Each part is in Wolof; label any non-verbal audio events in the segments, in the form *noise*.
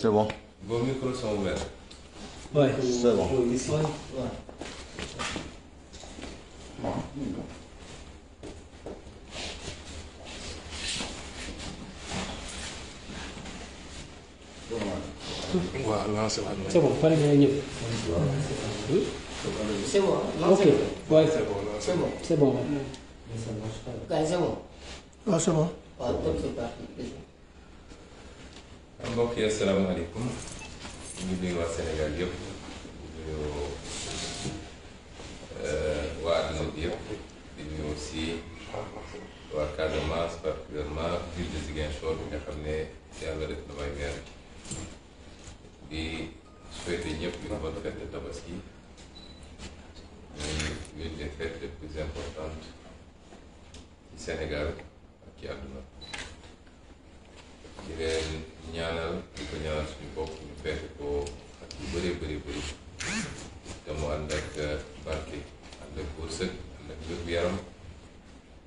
C'est bon. Vos micros sont ouverts. Ouais. C'est bon. Voilà, bon. bon, bon C'est bon, bon C'est bon, C'est bon. bon bon. bon. c'est bon. c'est bon. c'est bon. Ah, c'est mbokk yi asalaamaaleykum ñu ngi nuyu waa Sénégal yëpp di eh, waa àdduna bi yëpp di nuyu aussi waa Casamance particulièrement ville de Ziguinchor bi nga xam ne yàlla def na may weer di souhaiter ñëpp une bonne fête de Tabaski l'une des fêtes les plus importantes ci Sénégal ak ci àdduna di leen ñaanal di ko ñaanal suñu bopp ñu fekk ko ak yu bëree bëri bëri te mu ànd ak uh, barke ànd ak wërsëg ànd ak wér yaram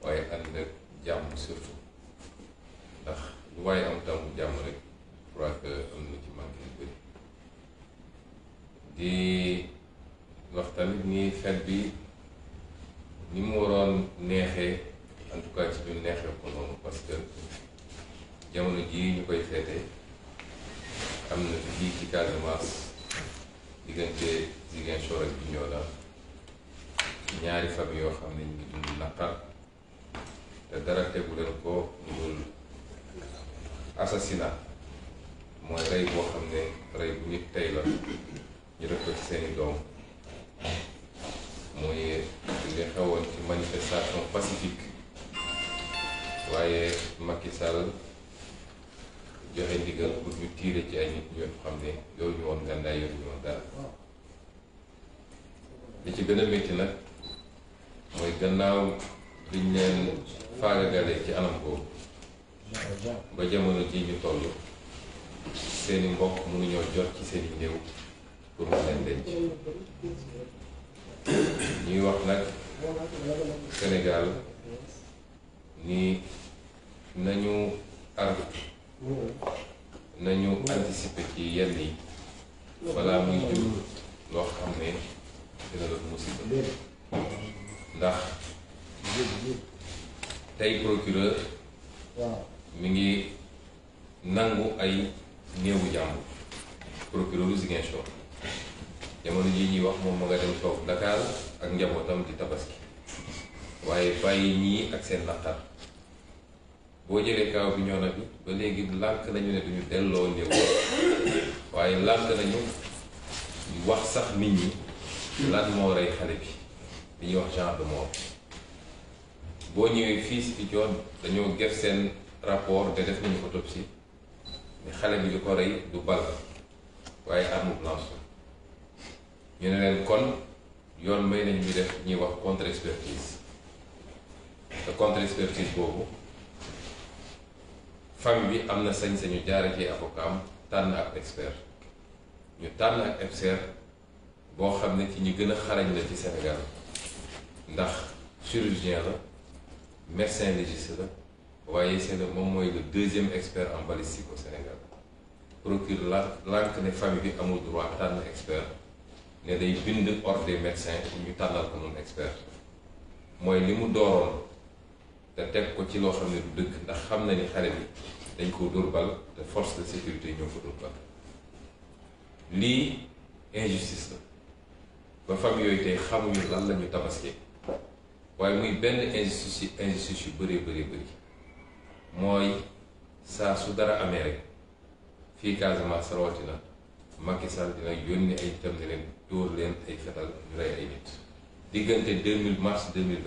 waaye ànd ak jàmm surtout ndax lu waaye am tam jàmm rek je crois am na ci manqué yu bëri di wax tamit ni bi ni mu waroon neexee en tout cas ci ñu neexee yii ñu koy feete am na fii ci Casamance diggante Ziguinchor ak Bignona ñaari famille yoo xam ne ñu ngi naqar te dara tegu balaa muy jur loo xam ne dina doon musiba ndax tey procureur mi ngi nangu ay néewu jàmbur procureur u Ziguinchor jamono ji ñuy wax moom ma nga dem toog Dakar ak njabootam di tabaski waaye bàyyi ñii ak seen naqar boo jëlee kaaw bi ñoo na bi ba léegi lànk nañu ne duñu delloo néew waaye lànk nañu wax sax nit ñi lan moo rey xale bi li ñuy wax genre de mort boo ñëwee fii si fi joon dañoo def seen rapport te def nañu autopsie ne xale bi li ko rey du bal waaye arme ñu ne leen kon yoon may nañ ñu def ñuy wax contre expertise te contre expertise boobu famille bi am na sañ-sañu jaare ci avocat am tànn ak expert ñu tànn ak EPSER boo xam ne ci ñi gën a xarañ la ci Sénégal ndax chirurgien la médecin légiste la waaye c'est le moom mooy le deuxième expert en balistique ko Sénégal procure la lànk ne famille bi amul droit tànn expert ne day bind ordre des médecins pour ñu tànnal ko noonu expert mooy li mu dooroon te teg ko ci loo xam ne du dëgg ndax xam na ni xale bi dañ koo dóor bal te force de sécurité ñoo ko dóor bal lii injustice la ba famille yooyu tey xamuñu lan la ñu tabaskee waaye muy benn injustice injustice yu bëree bëri bëri mooy saa su dara amee rek fii Casamance rawatina Macky Sall dina yónni ay itam ne leen dóor leen ay fetal ñu rey ay nit diggante deux mille mars deux mille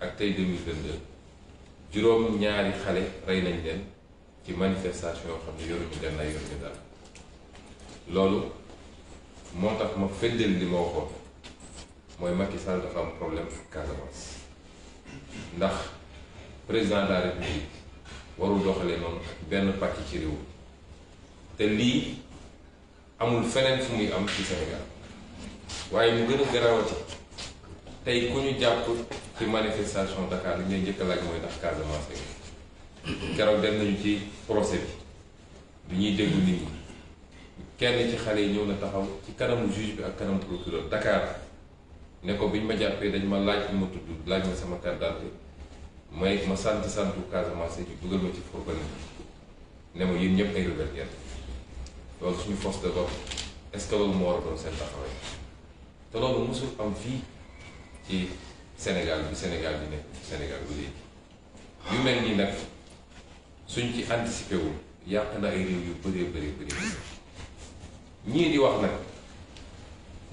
ak tey juróom ñaari xale rey nañ leen ci manifestation yoo xam ne yoruñu gànnaay yoruñu dara. loolu moo tax ma fëndeel li ma waxoon mooy Macky Sall dafa am problème ak Casamance ndax président de la warul doxalee noonu ak benn pàcc ci réew te lii amul feneen fu muy am ci Sénégal waaye mu gën a garawati tey ku ñu jàpp ci manifestation Dakar li ngay njëkk a laaj mooy ndax Casamance keroog dem nañu ci procès bi bi ñuy déglu nit ñi. kenn ci xale yi ñëw na taxaw ci kanamu juge bi ak kanamu procureur Dakar ne ko biñ ma jàppee dañ ma laaj bi ma tudd laaj ma sama carte d'identité may ma sant santu Casamance ñu dugal ma ci fourgon bi ne ma yéen ñëpp ay rebelle ngeen loolu suñu force de l'ordre ce que moo war a doon seen taxawaay te loolu am fii ci Sénégal bi Sénégal bi nekk Sénégal bu léegi yu mel nii nag suñ ci anticipé wul yàq na ay réew yu bëree bëri bëri. ñii di wax nag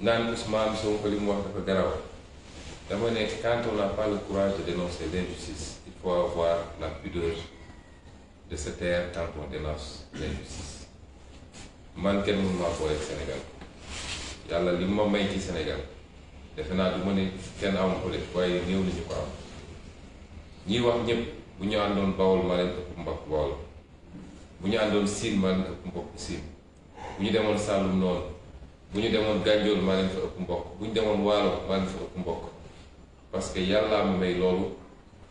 naan Ousmane Sonko li mu wax dafa garaw dama ne quand on n'a pas le courage de dénoncer l'injustice il faut avoir la pudeur de se taire quand on dénonce l'injustice man kenn mënu maa boole Sénégal yàlla li ma may ci Sénégal defe naa du ma ne kenn amu ko def waaye néew nañu ko am ñiy wax ñëpp bu ñu àndoon bawol ma leen ëpp mbokk bawol bu ñu àndoon siin ma leen mbokk siin bu ñu demoon Saalum noonu bu ñu demoon Gànjool ma leen fa ëpp mbokk bu ñu demoon Waalo ma leen fa ëpp mbokk parce que yàllaa ma may loolu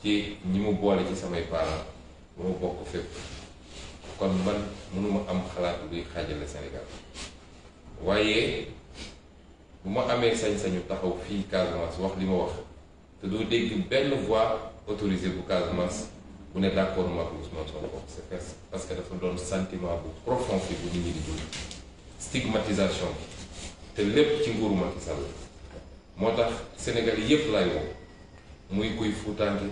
ci ñi mu boole ci samay parents ba ma bokk fépp kon man mënuma am xalaat luy xaajale Sénégal waaye bu ma amee sañ-sañu taxaw fii Casamance wax li ma wax te doo dégg benn voix autorisée bu Casamance bu ne d'accord ma ak Ousmane Sonko parce que dafa doon sentiment bu profond fi bu nit ñi di dund stigmatisation bi te lépp ci nguuru Macky Sall moo tax Sénégal yëpp laay muy kuy fuutaange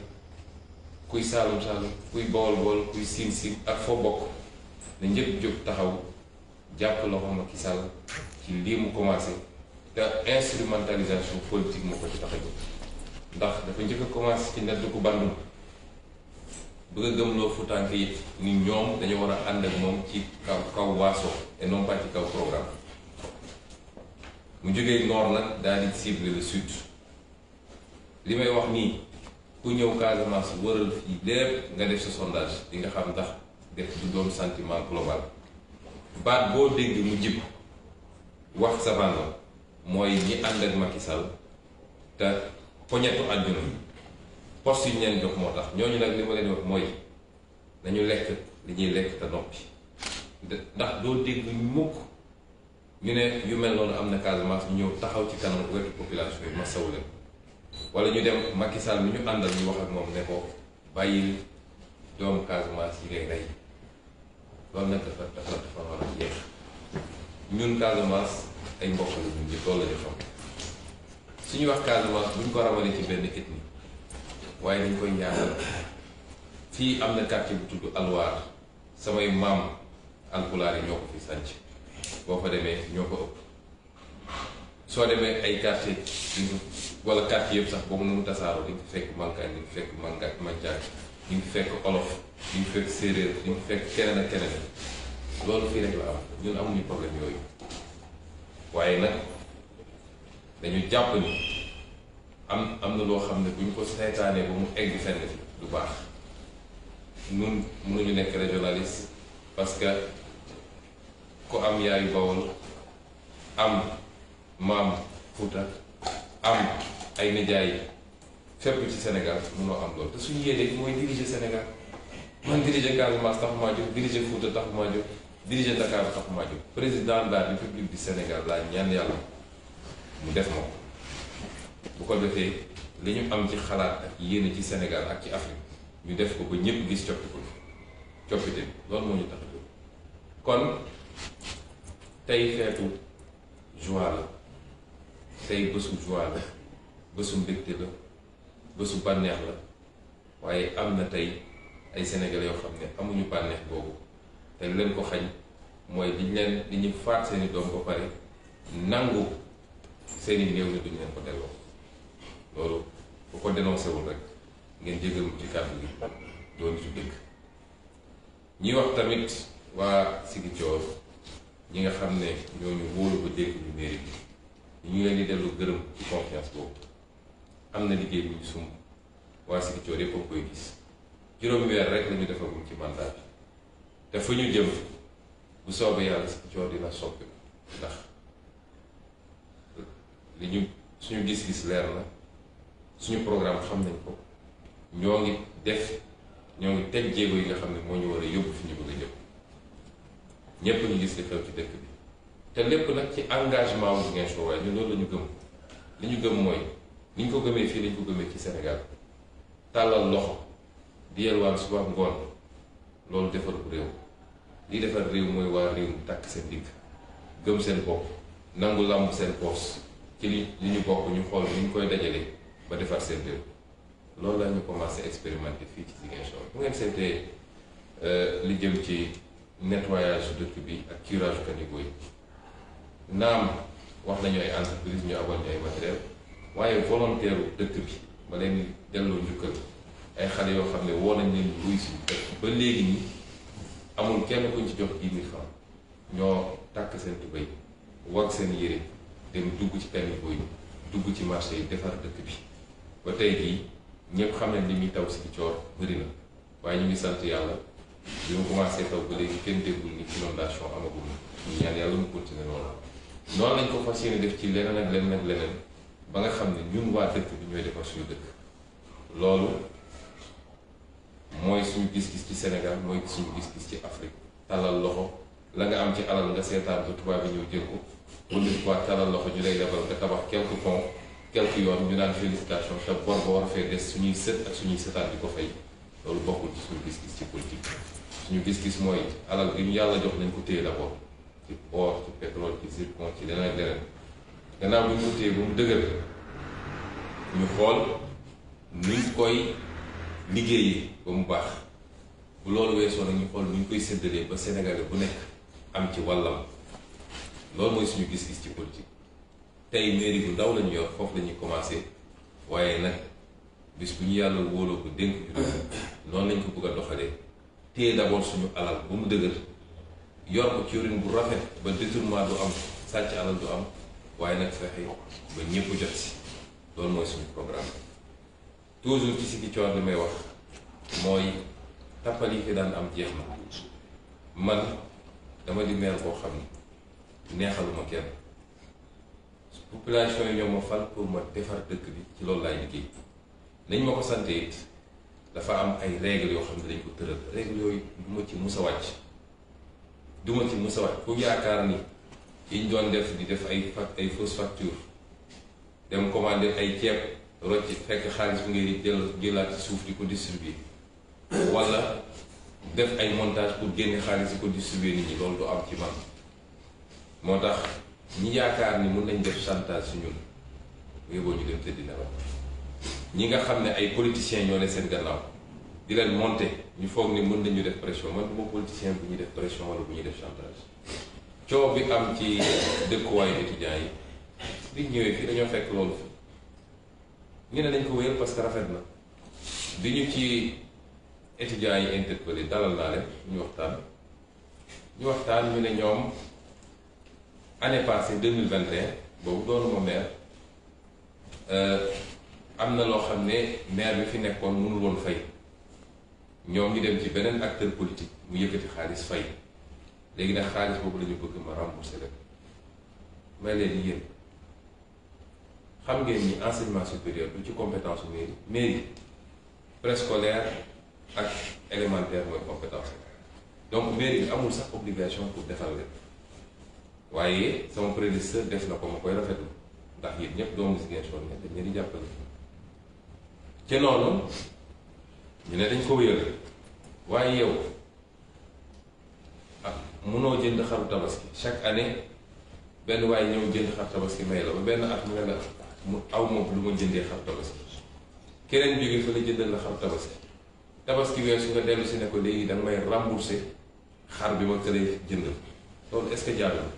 kuy saalum saalum kuy bool bool kuy siin siin ak foo bokk ne ñëpp jóg taxaw jàpp loxo Macky Sall ci lii mu commencé te instrumentalisation politique moo ko ci tax a ndax dafa njëkk a ci nedd ku bandum bëgg a gëmloo futànk yi ni ñoom dañu war a ànd ak moom ci kaw kaw waaso et non pas ci kaw programme mu jógee nord nag daal di cible le sud li may wax nii ku ñëw Casamance wëral fii lépp nga def sa sondage di nga xam ndax def du doon sentiment global baat boo dégg mu jib wax savant la mooy ñi ànd ak Macky te poñetu àdduna poste yi ñu jox moo tax ñooñu nag li ma leen wax mooy nañu lekk li ñuy lekk te noppi ndax doo dégg mukk ñu ne yu mel noonu am na Casamance ñu ñëw taxaw ci kanam wetu population yi ma saw leen wala ñu dem Macky Sall mi ñu àndal ñu wax ak moom ne ko bàyyil doomu Casamance yi ngay rey loolu nag dafa dafa dafa war a jeex ñun Casamance ay mbokk la ñun ñëpp loolu la ñu wax Casamance buñ ko ramalee ci benn ethnie. waaye dañ koy ñaanal fii am na quartier bu tudd alwaar samay maam alpulaar yi ñoo ko fi sànc boo fa demee ñoo ko soo demee ay quartier wala quartier yëpp sax boobu nu mu tasaaroo di nga fekk mankaan di nga fekk manga mancaak di nga fekk olof di nga fekk séeréer di nga fekk keneen ak keneen loolu fii rek la am ñun amuñu problème yooyu waaye nag dañu jàpp ni am am na loo xam ne bu ñu ko seetaanee ba mu egg fenn fi du baax nun mënuñu nekk régionaliste parce que ko am yaayu Bawol am maam Fuuta am ay nijaay fépp ci Sénégal mënoo am loolu te suñu yéene mooy diriger Sénégal man diriger Casamance tax maa jóg diriger Fuuta tax maa jóg diriger Dakar tax maa jóg président de la République du Sénégal laa ñaan yàlla mu def ma ko bu ko defee li ñu am ci xalaat ak yéene ci Sénégal ak ci Afrique ñu def ko ba ñëpp gis coppite coppite loolu moo ñu tax kon tey xeetu joie la tey bësu joie la bësu mbégte la bésu bànneex la waaye am na tey ay senegal yoo xam ne amuñu bànneex boobu te lu leen ko xañ mooy liñ leen li ñu faat seeni doom ba pare nangu seeni néew ni duñ leen ko delloo loolu bu ko dénoncé wul rek ngeen jégal ci kàddu gi doon ci dëkk ñi wax tamit waa Ziguinchor ñi nga xam ne ñooñu wóolu ba dégg ñu mairie bi ñu leen di dellu gërëm ci confiance boobu am na liggéey bu ñu sumb waa Ziguinchor yëpp a koy gis juróomi weer rek la ñu defagum ci mandat bi te fu ñu jëm bu soobee yàlla Ziguinchor dina soppi ndax li ñu suñu gis-gis leer na suñu programme xam nañ ko ñoo ngi def ñoo ngi teg jéego yi nga xam ne moo ñu war a yóbbu fi ñu bëgg a jëm ñépp ñu gis li xew ci dëkk bi te lépp nag ci engagement wu Ziguinchor waaye ñun loolu la gëm li ñu gëm mooy ni ñu ko gëmee fii lañ ko gëmee ci senegal tàllal loxo di yelwaan suba ngoon loolu defar bu réew li defar réew mooy waa réew mi takk seen digg gëm seen bopp nangu làmb seen poos ci li li ñu bokk ñu xool ni ñu koy dajale ba defar seen réew loolu la ñu commencé expérimenter fii ci Ziguinchor bu ngeen seetee euh, li ci nettoyage dëkk bi ak curage caniveau yi naam wax nañu ay entreprise ñu abal ñu matériel waaye volontaire dëkk bi ba leen delloo njukkal ay xale yoo xam ne woo nañ leen si ba léegi nii amul kenn kuñ ci jox ji mi xam ñoo takk seen tubéy wag seen yére dem dugg ci caniveau dugg ci marché yi defar dëkk bi ba tey jii ñëpp xam nañ li muy taw si bëri na waaye ñu ngi sant yàlla bi mu commencé taw ba léegi kenn déggul ni inondation amagul ñu ñaan yàlla mu continuer loolu. noonu lañ ko fas yéene def ci leneen ak leneen ak leneen ba nga xam ne ñun waa dëkk bi ñooy defar suñu dëkk loolu mooy suñu gis-gis ci Sénégal mooy suñu gis-gis ci Afrique talal loxo la nga am ci alal nga seetaan ba tubaab bi ñëw jël ko wala talal loxo ñu lay defal nga tabax quelque yoon ñu naan félicitation te bor ba war a fee des suñuy sët ak suñuy sëtaat di ko fay loolu bokkul suñu gis-gis ci politique suñu gis-gis mooy alal gi ñu yàlla jox nañ ko téye d'abord ci or ci pétrole ci zircon ci leneen leneen gannaaw bi ñu ko ba mu dëgër ñu xool nuñ koy liggéeyi ba mu baax bu loolu weesoo nag ñu xool nuñ koy séddalee ba Sénégalais bu nekk am ci wàllam loolu mooy suñu gis-gis ci politique. tey mairie bu ndaw lañu yor foofu lañuy commencé waaye nag bis bu ñu yàlla wóoloo ko dénk noonu lañ ko bëgg a doxalee téye d'abord suñu alal ba mu dëgër yor ko ci yorin bu rafet ba détournement du am sàcc alal du am waaye nag fexe ba ñëpp jot si loolu mooy suñu programme toujours ci si ki coor may wax mooy tappal yi fi daan am jeex na man dama di meer boo xam ne neexaluma kenn population yi ñoo ma fal pour ma defar dëkk bi ci loolu laay liggéey nañ ma ko sante it dafa am ay règles yoo xam ne dañ ko tëral règles yooyu du ma ci mus a wàcc ci mus a wàcc yaakaar ni yiñ doon def di def ay fac ay fausse facture dem commandé ay ceeb rocc fekk xaalis bi ngay jël jëlaat ci suuf di ko distribuer wala def ay montage pour génne xaalis di ko distribuer nit ñi loolu du am ci man moo tax ñi yaakaar ni mun nañ def chantage si ñun yóbboo ñu dem tëdd nelaw ñi nga xam ne ay politiciens ñoo ne seen gannaaw di leen monter ñu foog ni mën nañu def pression man du ma politicien bu ñuy def pression wala bu ñuy def chantage coow bi am ci dëkkuwaayu étudiants yi biñ ñëwee fii dañoo fekk loolu ñu ne nañ ko wéyal parce que rafet na di ñu ci étudiants yi interpellé dalal naa leen ñu waxtaan ñu waxtaan ñu ne ñoom L'année passée 2021 doonuma maire euh amna maire bi fi mënul won fay dem ci un acteur politique mu fay bëgg ma xam ngeen ni enseignement supérieur du ci compétence mairie mairie préscolaire ak élémentaire compétence donc mairie amul sax obligation pour defal waaye sama prédécesseur def na ko ma koy rafetlu ndax yéen ñëpp doomu Ziguinchor ne dañ leen di jàppale ñu ne dañ ko wéyal waaye yow ah munoo jënd xaru tabaski chaque année benn waaye ñëw jënd xar tabaski may la ba benn at mu ne la mu aw moom lu ma jëndee xar tabaski keneen jógee fa la jëndal la xar tabaski tabaski weer su nga dellu si ne ko léegi danga may remboursé xar bi ma tëlee jëndal loolu est-ce que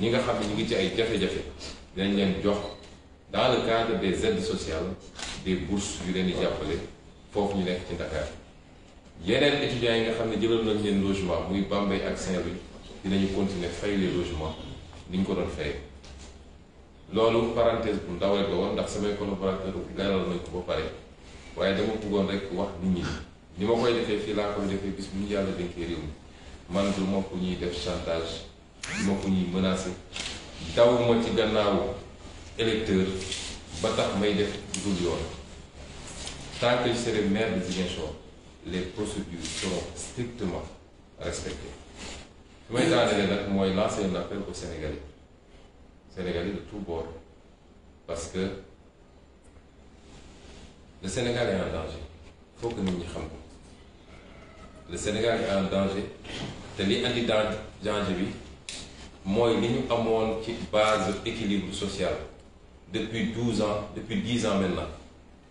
ñi nga xam ñu ngi ci ay jafe-jafe dañ leen jox dans le cadre des aides sociales des bourses yu leen di jàppale fofu ñu nekk ci Dakar yeneen étudiants yi nga xamni jëlal nañ leen logement muy Bambey ak Saint-Louis dinañu continuer fay les logements ni ñu ko doon fay loolu parenthèse bu ndaw rek woon ndax samay collaborateur leeral nañ ko ba pare waaye dama bëggoon rek wax nit ñi ni ma koy defee fii laa koy defee bis bu ñu yàlla dénkee réew mi man du ma ku ñuy def chantage. Je suis menacé je ci électeur ba tax may def dul tant que je serai maire de Zigenchon les procédures seront strictement respectées Je vais lancer un appel aux Sénégalais Sénégalais de tous bords parce que le Sénégal est en danger il faut que nous nous xam le Sénégal est en danger C'est li andi danger bi mooy suis ñu a une base équilibre social depuis 12 ans depuis 10 ans maintenant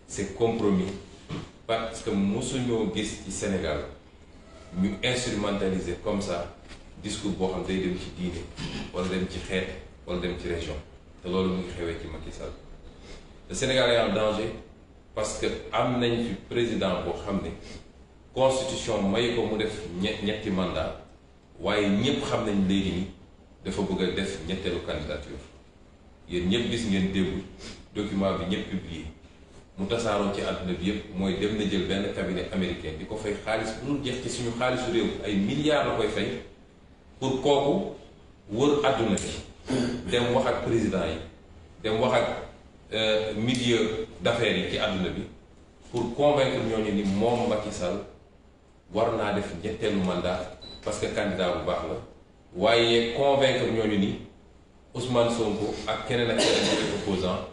c'est compromis parce que du Sénégal ñu instrumentaliser comme ça discours pour xam région le Sénégal est en danger parce que am président boo constitution mandat un dafa bëgg a def ñetteelu candidature yéen ñëpp gis ngeen démb document bi ñëpp publié mu tasaaroo ci àdduna bi yëpp mooy dem na jël benn cabinet américain di ko fay xaalis bu dul jeex ci suñu xaalisu réew ay milliards la koy fay pour kooku wër àdduna bi dem wax ak président yi dem wax ak milieu d'affaires yi ci àdduna bi pour convaincre ñooñu ni moom Macky Sall war naa def ñetteelu mandat parce que candidat bu baax la waaye convaincre ñooñu ni Ousmane Sonko ak keneen ak keneen ñooy opposant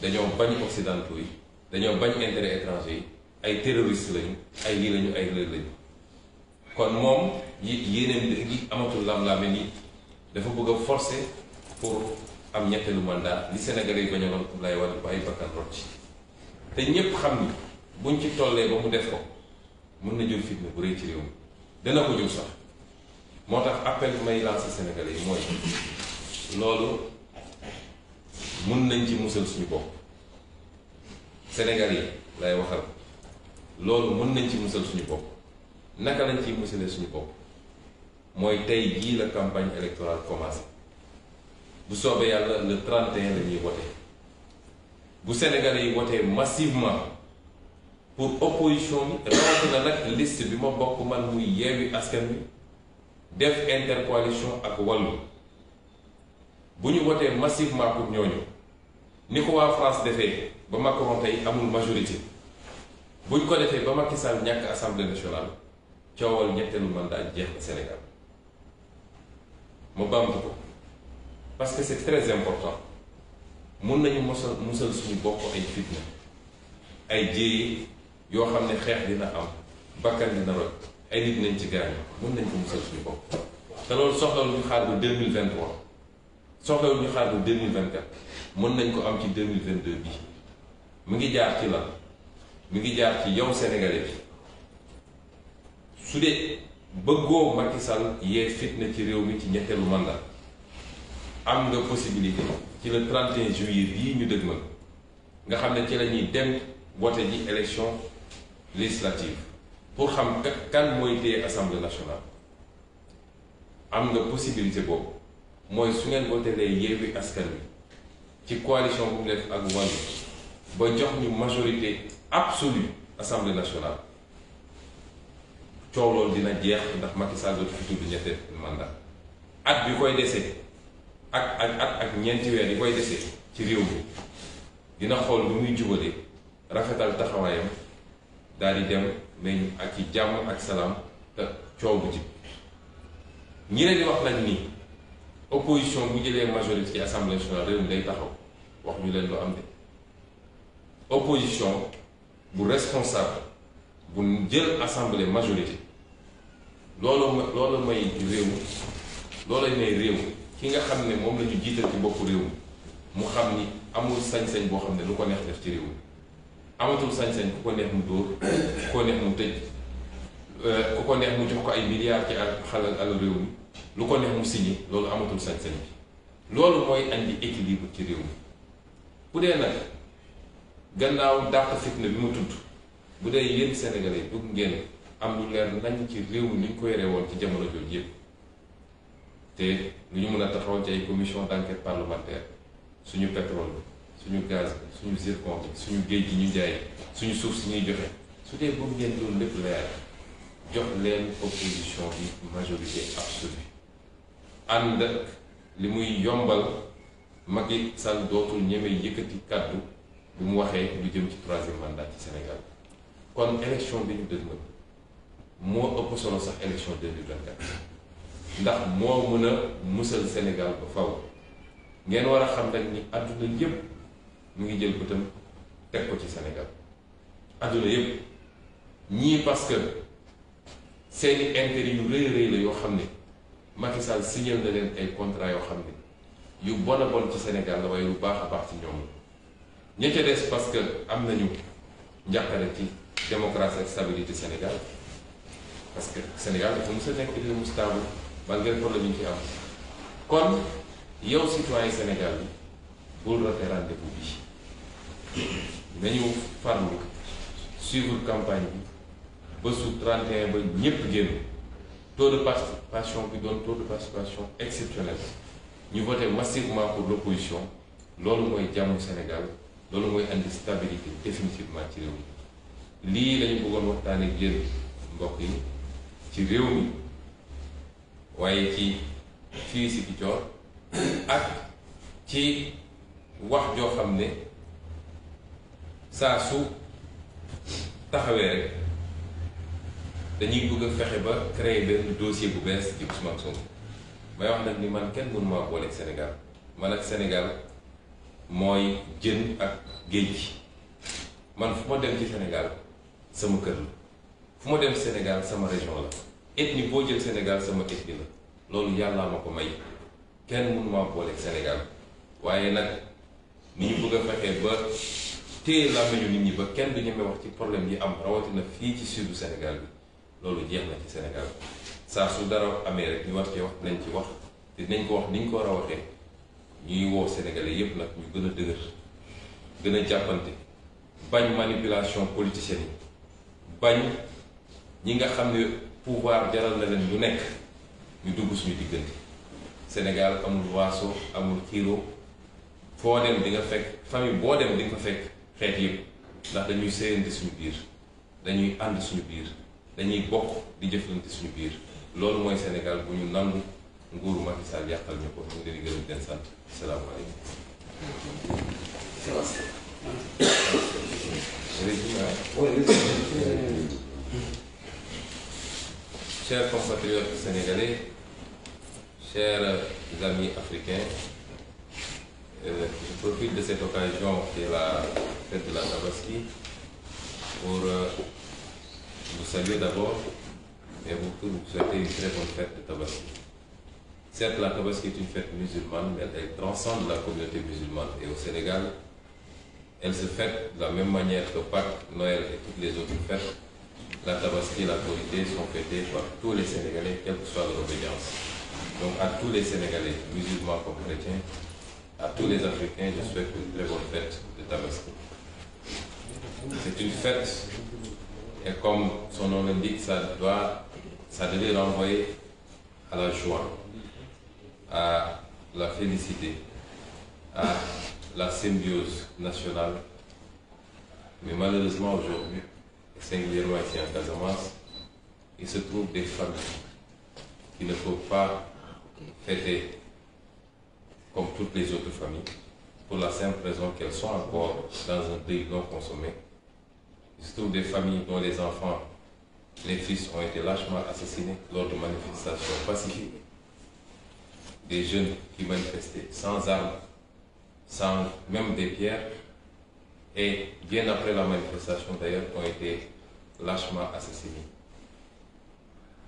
dañoo bañ occidentaux yi dañoo bañ intérêt étranger yi ay terroristes lañu ay lii lañu ay lël lañu kon moom yéeneen gi amatul lam-laame ni dafa bëgg a forcer pour am ñetteelu mandat li Sénégalais yi bañaloon Abdoulaye Wade ba ay bakkan rot te ñépp xam ni buñ ci tollee ba mu def ko mën na jur fitna bu rëy ci réew mi dana ko jur sax moo tax appel bi may lancer Sénégalais yi mooy loolu mun nañ ci musal suñu bopp Sénégal yi lay waxal loolu mën nañ ci musal suñu bopp naka lañ ciy musalee suñu bopp mooy tey jii la campagne électorale commencé bu soobee yàlla la 31 la ñuy wote bu Sénégalais yi wotee massivement pour opposition bi rawatina nag liste bi ma bokk man muy yeewi askan wi def intercoalition ak wàllu bu ñu wotee massivement pour ñooñu ni ko waa France defee ba Macron tey amul majorité buñ ko defee ba Macky Sall ñàkk assemblée nationale coowal ñetteelu mandat jeex na Sénégal ma bamtu ko parce que c'est très important mun nañu mosal musal suñu bopp ay fitna ay jéeye yoo xam ne xeex dina am bakkan dina roj ay nit nañ ci gaañu mën nañ ko musal suñu bopp te loolu soxlawul ñu xaar ba deux mille vingt trois soxlawul ñu xaar ba deux mën nañ ko am ci deux mille mu ngi jaar ci la mu ngi jaar ci yow Sénégalais bi su dee bëggoo Macky Sall yee fitna ci réew mi ci ñetteelu mandat am nga possibilité ci le 31 juillet bii ñu dëgmal nga xam ne ci lañuy ñuy dem wote ji élection législative. pour xam kan mooy téye assemblée nationale am nga possibilité boobu mooy su ngeen votelee Yewwi Askan Wi ci coalition bu mu def ak ba jox ñu majorité absolue assemblée nationale coow loolu dina jeex ndax Macky Sall dootu fi tudd ñetti mandat at bi koy dese ak ak ak ñeenti weer yi koy dese ci réew bi dina xool lu muy jubalee rafetal taxawaayam daal di dem. nañu ak ci jàmm ak salaam te coow bu ci ñi leen di wax nag ni opposition bu jëlee majorité ci assemblée nationale réew mi day taxaw wax ñu leen lu am de opposition bu responsable bu jël assemblée majorité loolu loolu may réew mi loolu may réew ki nga xam ne moom la ñu jiital ci bopp réew mu xam ni amul sañ-sañ boo xam ne lu ko neex def ci réew mi amatul sañ-sañ ku ko neex mu dóor ku ko neex mu tëj euh, ku ko neex mu jox ko ay milliards ci al xalal alal réew mi lu ko neex mu signé loolu amatul sañ bi loolu mooy andi équilibre ci réew mi bu dee nag gannaaw dàq fitna bi mu tudd bu dee yéen sénégalais bëgg ngeen am lu leer nañ ci réew mi ñu ko yoree woon ci jamono jooju yépp te lu ñu mën a taxawal ci ay commission d'enquête parlementaire suñu pétrole bi suñu gaz suñu zircon suñu géej gi ñu jaay suñu suuf si ñuy joxe su dee boobu ngeen doon lépp leer jox leen opposition bi majorité absolue ànd ak li muy yombal Macky Sall dootul ñeme yëkkati kàddu bu mu waxee lu jëm ci troisième mandat ci Sénégal kon élection bi ñu dëgmal moo ëpp solo sax élection 2024 ndax moo mën a musal Sénégal ba faw ngeen war a xam rek ni àdduna yépp mu ngi jël bëtam teg ko ci senegal adduna yëpp ñii parce que seeni intérêt yu rëy rëy la yoo xam ne Macky Sall signé na leen ay contrat yoo xam ne yu bon a bon ci Sénégal la waaye lu baax a baax ci ñoom ña ca des parce que am nañu njàqare ci démocratie ak stabilité Sénégal parce que Sénégal dafa mos a nekk réew mu stable malgré ci am kon yow citoyen Sénégal bi bul rater rendez bi. nañu farlu suivre campagne bi ba su 31 ba ñépp génn taux de participation bi doon taux de participation exceptionnel ñu voté massivement pour l'opposition loolu mooy jàmm Sénégal loolu mooy indi stabilité définitivement ci réew mi lii lañu bëggoon waxtaan ak yéen mbokk yi ci réew mi waaye ci fii si Ziguinchor ak ci wax joo xam ne saa su taxawee rek dañuy bëgg a fexe ba créer benn dossier bu bees ci Ousmane Sonko may wax nag ni man kenn mënu maa booleeg Sénégal man ak Sénégal mooy jën ak géej gi man fu ma dem ci Sénégal sama kër la fu ma dem Sénégal sama région la ethnie boo jël Sénégal sama gi la loolu yàllaa ma may kenn mënu maa Sénégal waaye nag ni ñu bëgg a fexe ba. téye làmmiñu nit ñi ba kenn du ñeme wax ci problème yi am rawatina fii ci sudu Sénégal bi loolu jeex na ci Sénégal saa su dara amee rek ñu war cee wax dinañ ci wax te dinañ ko wax niñ ñu ko war a waxee ñuy woo sénégalais yépp nag ñu gën a dëgër gën a jàppante bañ manipulation politicienne yi bañ ñi nga xam ne pouvoir jaral na leen lu nekk ñu dugg suñu diggante Sénégal amul waaso amul xiiroo foo dem di nga fekk famille boo dem di nga fekk xeet yëpp ndax dañuy séyante suñu biir dañuy ànd suñu biir dañuy bokk di jëflante suñu biir loolu mooy Sénégal bu ñu nangu nguuru Macky yàqal ñu ko ñu ngi leen di gërëm di leen sant salaamaaleykum. Chers profite de cette occasion de la fête de la Tabaski pour euh, vous saluer d'abord et vous, pour vous souhaiter une très bonne fête de Tabaski. Certes, la Tabaski est une fête musulmane, mais elle transcende la communauté musulmane. Et au Sénégal, elle se fête de la même manière que Pâques, Noël et toutes les autres fêtes. La Tabaski et la Corité sont fêtées par tous les Sénégalais, quelle que soit leur obédience. Donc à tous les Sénégalais, musulmans comme chrétiens, à tous les Africains, je souhaite une très bonne fête de Tabasco. C'est une fête, et comme son nom l'indique, ça doit, ça devait l'envoyer à la joie, à la félicité, à la symbiose nationale. Mais malheureusement aujourd'hui, singulièrement ici en Casamance, il se trouve des familles qui ne peuvent pas fêter comme toutes les autres familles, pour la simple raison qu'elles sont encore dans un pays non consommé. Il se trouve des familles dont les enfants, les fils ont été lâchement assassinés lors de manifestations pacifiques. Des jeunes qui manifestaient sans armes, sans même des pierres, et bien après la manifestation d'ailleurs, ont été lâchement assassinés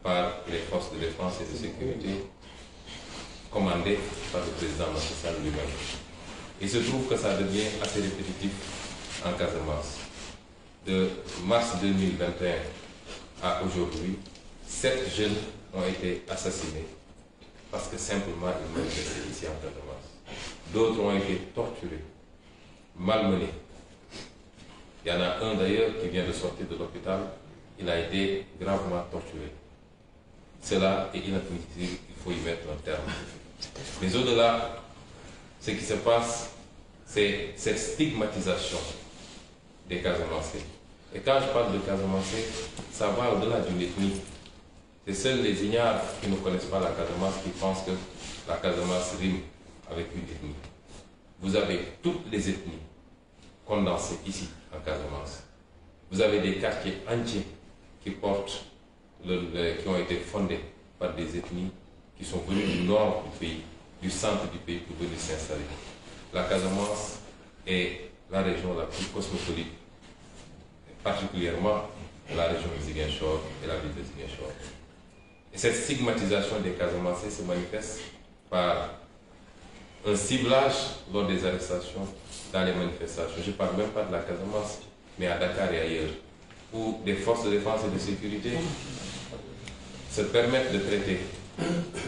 par les forces de défense et de sécurité commandé par le président Macky Sall lui-même. Il se trouve que ça devient assez répétitif en cas De mars 2021 à aujourd'hui, sept jeunes ont été assassinés parce que simplement ils manifestaient ici en masse. D'autres ont été torturés, malmenés. Il y en a un d'ailleurs qui vient de sortir de l'hôpital, il a été gravement torturé. Cela est inadmissible, il faut y mettre un terme. Mais au-delà, ce qui se passe, c'est cette stigmatisation des Casamancés. Et quand je parle de Casamancés, ça va au-delà d'une ethnie. C'est seuls les ignares qui ne connaissent pas la Casamance qui pensent que la Casamance rime avec une ethnie. Vous avez toutes les ethnies condensées ici en Casamance. Vous avez des quartiers entiers qui portent, qui ont été fondés par des ethnies qui sont venus du nord du pays, du centre du pays pour venir s'installer. La Casamance est la région la plus cosmopolite, particulièrement la région de Ziguinchor et la ville de Ziguinchor. Et cette stigmatisation des Casamancés se manifeste par un ciblage lors des arrestations dans les manifestations. Je ne parle même pas de la Casamance, mais à Dakar et ailleurs, où des forces de défense et de sécurité se permettent de traiter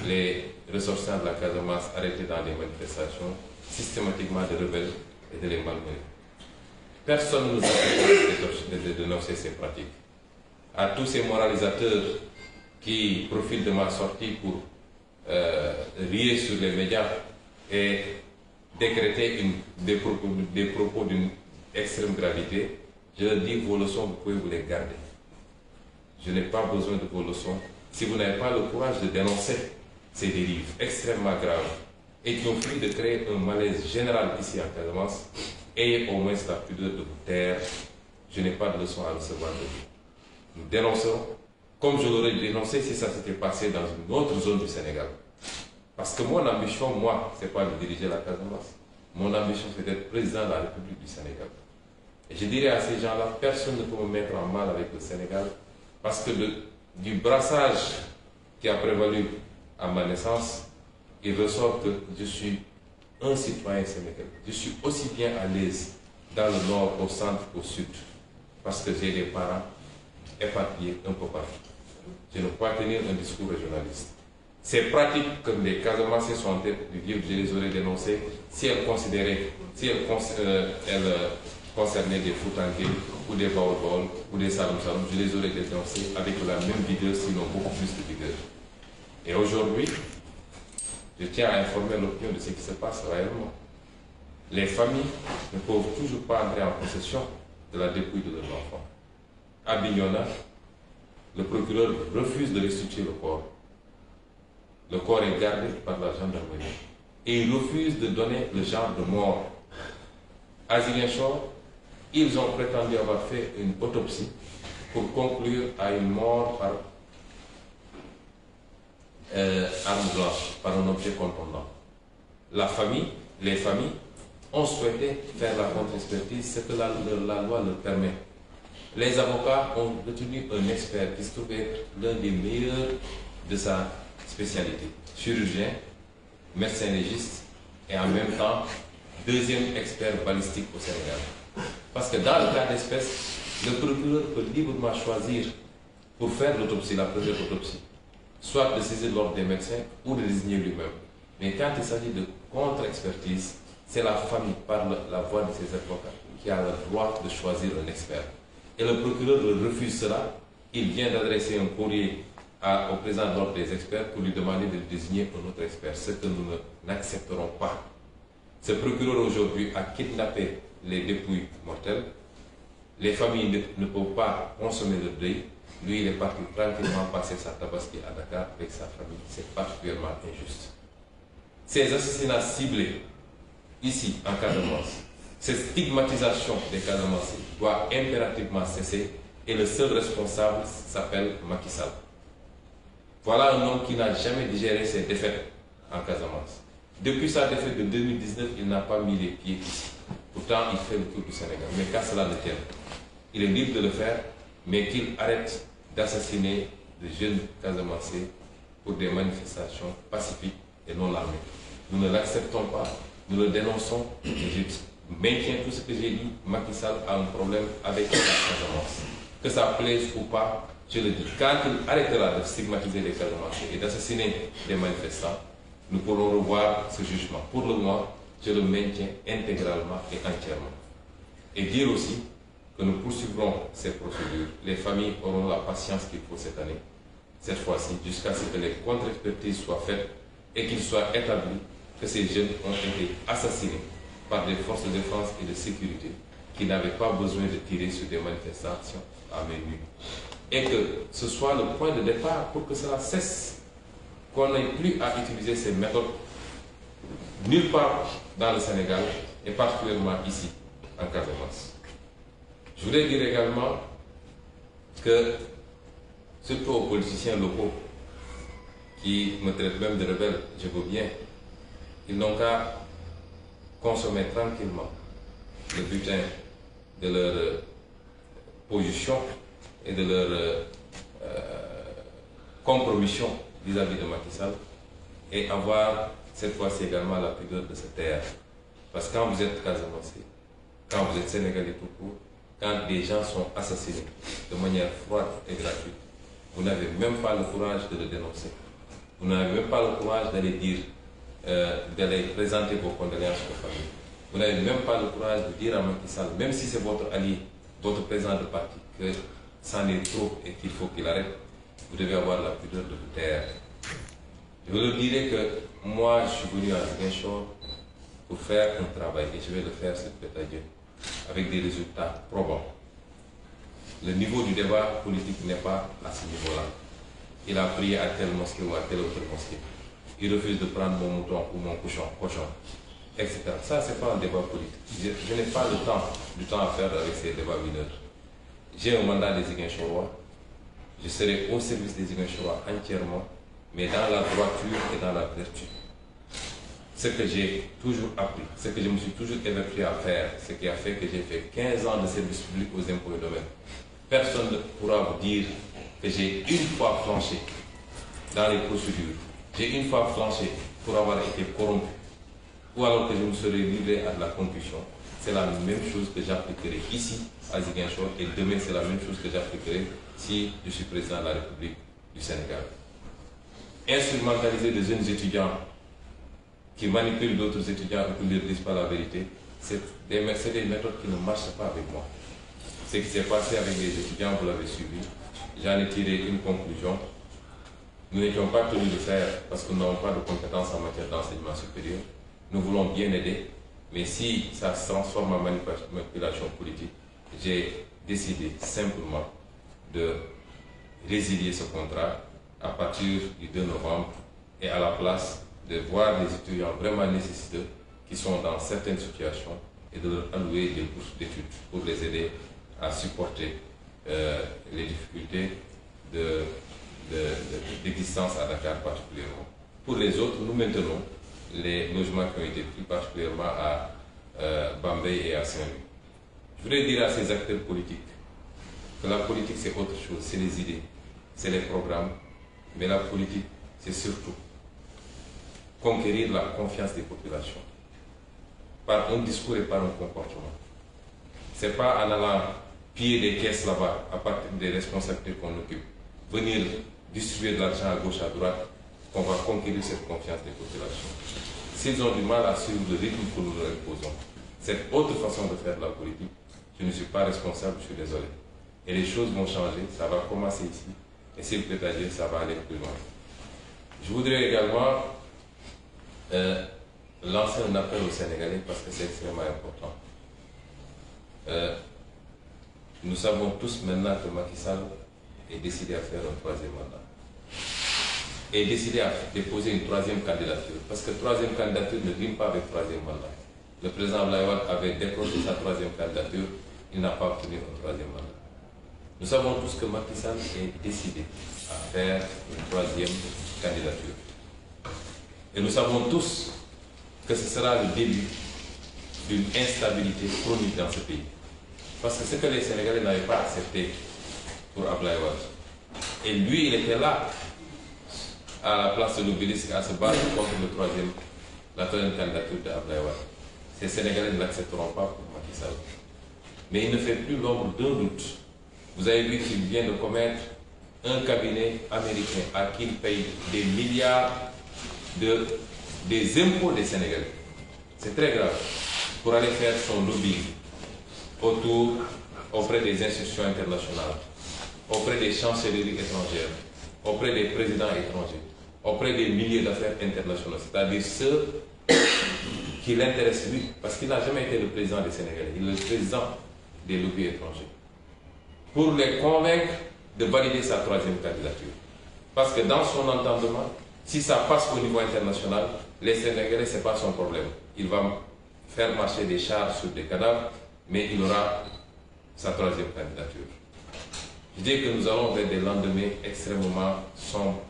les ressortissants de la Casamance arrêtés dans les manifestations, systématiquement de rebelles et de les malmener Personne ne nous a fait de, dénoncer ces pratiques. À tous ces moralisateurs qui profitent de ma sortie pour euh, rire sur les médias et décréter des propos des propos d'une extrême gravité, je leur dis vos leçons, vous pouvez vous les garder. Je n'ai pas besoin de vos leçons si vous n'avez pas le courage de dénoncer ces dérives extrêmement graves et qui ont pris de créer un malaise général ici à Casamance, ayez au moins la pudeur de vous taire. Je n'ai pas de leçon à recevoir de vous. Nous dénonçons, comme je l'aurais dénoncé si ça s'était passé dans une autre zone du Sénégal. Parce que mon ambition, moi, c'est pas de diriger la Casamance. Mon ambition, c'est d'être président de la République du Sénégal. Et je dirais à ces gens-là, personne ne peut me mettre en mal avec le Sénégal, parce que le du brassage qui a prévalu à ma naissance, il ressort que je suis un citoyen sénégalais. Je suis aussi bien à l'aise dans le nord, au centre, au sud, parce que j'ai des parents éparpillés un peu partout. Je ne peux pas tenir un discours régionaliste. Ces pratiques comme les cas sont en tête du livre, je les aurais dénoncées si elles considéraient, si euh, euh, concernaient des Foutangués, ou des Baol ou des Salam je les aurais dénoncés avec la même vidéo, sinon beaucoup plus de vidéos. Et aujourd'hui, je tiens à informer l'opinion de ce qui se passe réellement. Les familles ne peuvent toujours pas entrer en possession de la dépouille de leur enfants. À Bignona, le procureur refuse de restituer le corps. Le corps est gardé par la gendarmerie. Et il refuse de donner le genre de mort. Azilien Chor ils ont prétendu avoir fait une autopsie pour conclure à une mort par euh, arme blanche, par un objet contondant. La famille, les familles, ont souhaité faire la contre-expertise, ce que la, loi leur permet. Les avocats ont retenu un expert qui se trouvait l'un des meilleurs de sa spécialité, chirurgien, médecin légiste et en même temps deuxième expert balistique au Sénégal. Parce que dans le cas d'espèce, le procureur peut librement choisir pour faire l'autopsie, la première autopsie, soit de saisir l'ordre des médecins ou de désigner lui-même. Mais quand il s'agit de contre-expertise, c'est la famille, par la voix de ses avocats, qui a le droit de choisir un expert. Et le procureur le refuse cela. Il vient d'adresser un courrier au président de l'ordre des experts pour lui demander de désigner un autre expert, ce que nous n'accepterons pas. Ce procureur aujourd'hui a kidnappé les dépouilles mortelles. Les familles ne, peuvent pas consommer le deuil. Lui, il est parti tranquillement passer sa tabaski à Dakar avec sa famille. C'est particulièrement injuste. Ces assassinats ciblés, ici, en Casamance, cette stigmatisation des Casamance doit impérativement cesser et le seul responsable s'appelle Macky Voilà un homme qui n'a jamais digéré ses défaites en Casamance. Depuis sa défaite de 2019, il n'a pas mis les pieds ici. Pourtant, il fait le tour du Sénégal. Mais qu'à cela le tienne. Il est libre de le faire, mais qu'il arrête d'assassiner des jeunes Casamassés pour des manifestations pacifiques et non armées. Nous ne l'acceptons pas, nous le dénonçons. mais je maintiens tout ce que j'ai dit. Macky Sall a un problème avec les Casamance. Que ça plaise ou pas, je le dis. Quand il arrêtera de stigmatiser les Casamassés et d'assassiner des manifestants, nous pourrons revoir ce jugement. Pour le moment, je le maintiens intégralement et entièrement. Et dire aussi que nous poursuivrons ces procédures. Les familles auront la patience qu'il faut cette année, cette fois-ci, jusqu'à ce que les contre-expertises soient faites et qu'il soit établi que ces jeunes ont été assassinés par des forces de défense et de sécurité qui n'avaient pas besoin de tirer sur des manifestations à main Et que ce soit le point de départ pour que cela cesse, qu'on n'ait plus à utiliser ces méthodes nulle part dans le Sénégal et particulièrement ici, en Casamance. Je voudrais dire également que, surtout aux politiciens locaux qui me traitent même de rebelle, je veux bien, ils n'ont qu'à consommer tranquillement le butin de leur euh, position et de leur euh, euh, compromission vis-à-vis de Macky Sall et avoir cette fois, c'est également la pudeur de cette terre. Parce que quand vous êtes avancé, quand vous êtes Sénégalais pour court, quand des gens sont assassinés de manière froide et gratuite, vous n'avez même pas le courage de le dénoncer. Vous n'avez même pas le courage d'aller dire, euh, d'aller présenter vos condoléances aux familles. Vous n'avez même pas le courage de dire à Macky Sall, même si c'est votre allié, votre président de parti, que c'en est trop et qu'il faut qu'il arrête. Vous devez avoir la pudeur de vous taire. Je vous dire que moi, je suis venu à pour faire un travail et je vais le faire, cette plaît avec des résultats probants. Le niveau du débat politique n'est pas à ce niveau-là. Il a prié à tel mosquée ou à tel autre mosquée. Il refuse de prendre mon mouton ou mon cochon, cochon etc. Ça, ce n'est pas un débat politique. Je, n'ai pas le temps, du temps à faire avec ces débats mineurs. J'ai un mandat des Je serai au service des Iguinchorois entièrement mais dans la droiture et dans la vertu. Ce que j'ai toujours appris, ce que je me suis toujours éveillé à faire, ce qui a fait que j'ai fait 15 ans de service public aux impôts et domaines. Personne ne pourra vous dire que j'ai une fois flanché dans les procédures. J'ai une fois flanché pour avoir été corrompu. Ou alors que je me serais livré à de la concussion. C'est la même chose que j'appliquerai ici à Ziguinchor et demain c'est la même chose que j'appliquerai si je suis président de la République du Sénégal instrumentaliser des jeunes étudiants qui manipulent d'autres étudiants et qui ne leur disent pas la vérité, c'est des, des, méthodes qui ne marchent pas avec moi. Ce qui s'est passé avec les étudiants, vous l'avez suivi. J'en ai tiré une conclusion. Nous n'étions pas tenus de faire parce que nous n'avons pas de compétences en matière d'enseignement supérieur. Nous voulons bien aider, mais si ça se transforme en manipulation politique, j'ai décidé simplement de résilier ce contrat à partir du 2 novembre et à la place de voir les étudiants vraiment nécessiteux qui sont dans certaines situations et de leur allouer des bourses d'études pour les aider à supporter euh, les difficultés d'existence de, de, de, à Dakar particulièrement. Pour les autres, nous maintenons les logements qui ont été pris particulièrement à euh, Bambay et à Saint-Louis. Je voudrais dire à ces acteurs politiques que la politique c'est autre chose, c'est les idées, c'est les programmes, mais la politique, c'est surtout conquérir la confiance des populations par un discours et par un comportement. Ce n'est pas en allant piller des caisses là-bas à partir des responsabilités qu'on occupe, venir distribuer de l'argent à gauche, à droite, qu'on va conquérir cette confiance des populations. S'ils ont du mal à suivre le rythme que nous leur imposons, cette autre façon de faire de la politique, je ne suis pas responsable, je suis désolé. Et les choses vont changer, ça va commencer ici, et s'il vous pouvez ça va aller plus loin. Je voudrais également euh, lancer un appel aux Sénégalais parce que c'est extrêmement important. Euh, nous savons tous maintenant que Macky Sall est décidé à faire un troisième mandat. et décidé à déposer une troisième candidature. Parce que troisième candidature ne vient pas avec troisième mandat. Le président Blaïwad avait décroché sa troisième candidature, il n'a pas obtenu un troisième mandat. Nous savons tous que Macky Sall est décidé à faire une troisième candidature. Et nous savons tous que ce sera le début d'une instabilité chronique dans ce pays. Parce que ce que les Sénégalais n'avaient pas accepté pour Ablaïwad. Et lui, il était là, à la place de l'obélisque, à se battre contre le troisième, la troisième candidature d'Ablaïwad. Ces Sénégalais ne l'accepteront pas pour Macky Sall. Mais il ne fait plus l'ombre d'un doute vous avez vu qu'il vient de commettre un cabinet américain à qui il paye des milliards de, des impôts des Sénégalais. C'est très grave. Pour aller faire son lobby autour, auprès des institutions internationales, auprès des chancelleries étrangères, auprès des présidents étrangers, auprès des milliers d'affaires internationales, c'est-à-dire ceux *coughs* qui l'intéressent lui, parce qu'il n'a jamais été le président des Sénégalais, il est le président des lobbies étrangers pour les convaincre de valider sa troisième candidature. Parce que dans son entendement, si ça passe au niveau international, les Sénégalais, ce n'est pas son problème. Il va faire marcher des chars sur des cadavres, mais il aura sa troisième candidature. Je dis que nous allons vers des lendemains extrêmement sombres.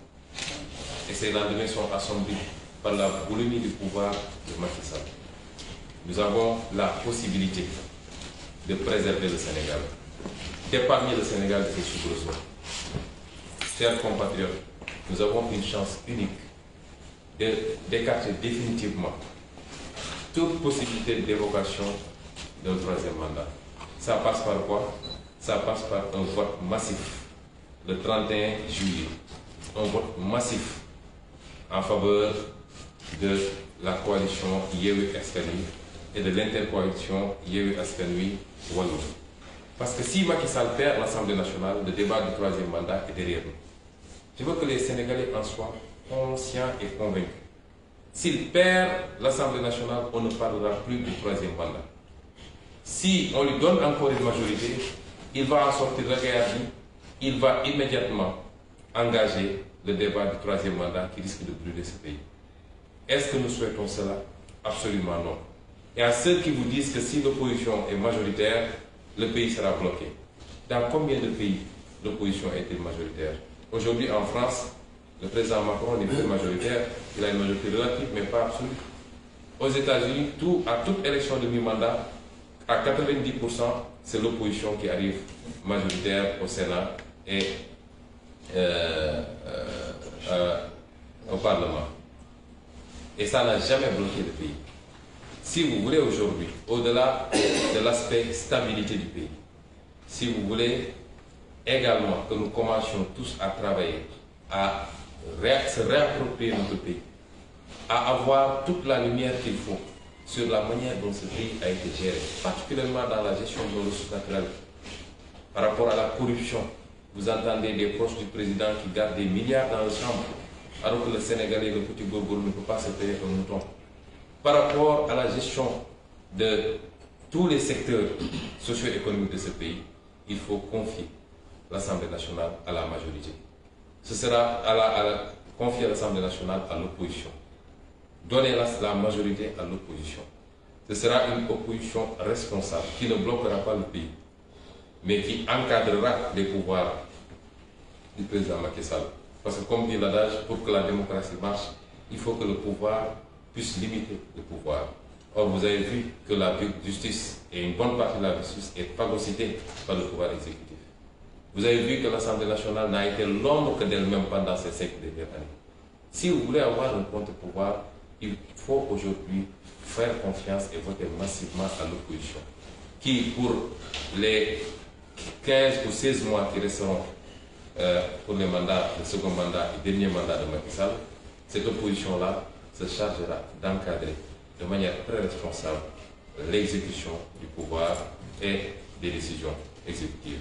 Et ces lendemains sont assombris par la boulimie du pouvoir de Macky Sall. Nous avons la possibilité de préserver le Sénégal parmi le Sénégal de le sol. Chers compatriotes, nous avons une chance unique d'écarter définitivement toute possibilité d'évocation d'un troisième mandat. Ça passe par quoi Ça passe par un vote massif le 31 juillet. Un vote massif en faveur de la coalition ieu Askanui et de l'intercoalition ieu Askanui-Wallou. Parce que si Macky Sall perd l'Assemblée nationale, le débat du troisième mandat est derrière nous. Je veux que les Sénégalais en soient conscients et convaincus. S'il perd l'Assemblée nationale, on ne parlera plus du troisième mandat. Si on lui donne encore une majorité, il va en sortir guerre, il va immédiatement engager le débat du troisième mandat qui risque de brûler ce pays. Est-ce que nous souhaitons cela Absolument non. Et à ceux qui vous disent que si l'opposition est majoritaire, le pays sera bloqué. Dans combien de pays l'opposition a été majoritaire Aujourd'hui, en France, le président Macron n'est plus majoritaire, il a une majorité relative, mais pas absolue. Aux États-Unis, à toute élection de mi-mandat, à 90%, c'est l'opposition qui arrive majoritaire au Sénat et euh, euh, euh, au Parlement. Et ça n'a jamais bloqué le pays. Si vous voulez aujourd'hui, au-delà de l'aspect stabilité du pays, si vous voulez également que nous commencions tous à travailler, à se réapproprier notre pays, à avoir toute la lumière qu'il faut sur la manière dont ce pays a été géré, particulièrement dans la gestion de nos ressources naturelles, par rapport à la corruption. Vous entendez des proches du président qui gardent des milliards dans le chambre, alors que le Sénégalais, le petit Gourbourg, ne peut pas se payer un mouton par rapport à la gestion de tous les secteurs socio-économiques de ce pays, il faut confier l'Assemblée nationale à la majorité. Ce sera à confier l'Assemblée nationale à l'opposition. Donner la, la majorité à l'opposition. Ce sera une opposition responsable qui ne bloquera pas le pays, mais qui encadrera les pouvoirs du président Macky Sall. Parce que comme dit l'adage, pour que la démocratie marche, il faut que le pouvoir puissent limiter le pouvoir. Or, vous avez vu que la justice et une bonne partie de la justice est phagocytée par le pouvoir exécutif. Vous avez vu que l'Assemblée nationale n'a été l'ombre que d'elle-même pendant ces cinq dernières années. Si vous voulez avoir un contre-pouvoir, il faut aujourd'hui faire confiance et voter massivement à l'opposition, qui pour les 15 ou 16 mois qui resteront euh, pour les mandats, le second mandat et dernier mandat de Macky Sall, cette opposition-là se chargera d'encadrer de manière très responsable l'exécution du pouvoir et des décisions exécutives.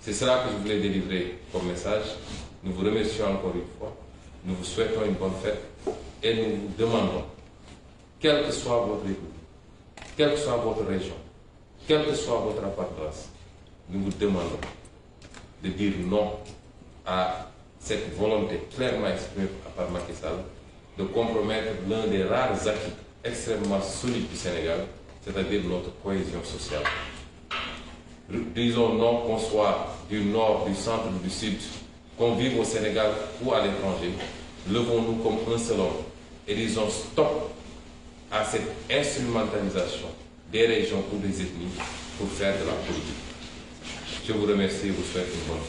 C'est cela que je voulais délivrer comme message. Nous vous remercions encore une fois. Nous vous souhaitons une bonne fête et nous vous demandons, quel que soit votre écoute, quelle que soit votre région, quelle que soit votre appartenance, nous vous demandons de dire non à cette volonté clairement exprimée par Macky Sall de compromettre l'un des rares acquis extrêmement solides du Sénégal, c'est-à-dire notre cohésion sociale. Disons non qu'on soit du nord, du centre ou du sud, qu'on vive au Sénégal ou à l'étranger, levons-nous comme un seul homme et disons stop à cette instrumentalisation des régions ou des ethnies pour faire de la politique. Je vous remercie et vous souhaite une bonne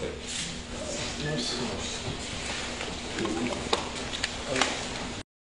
fête.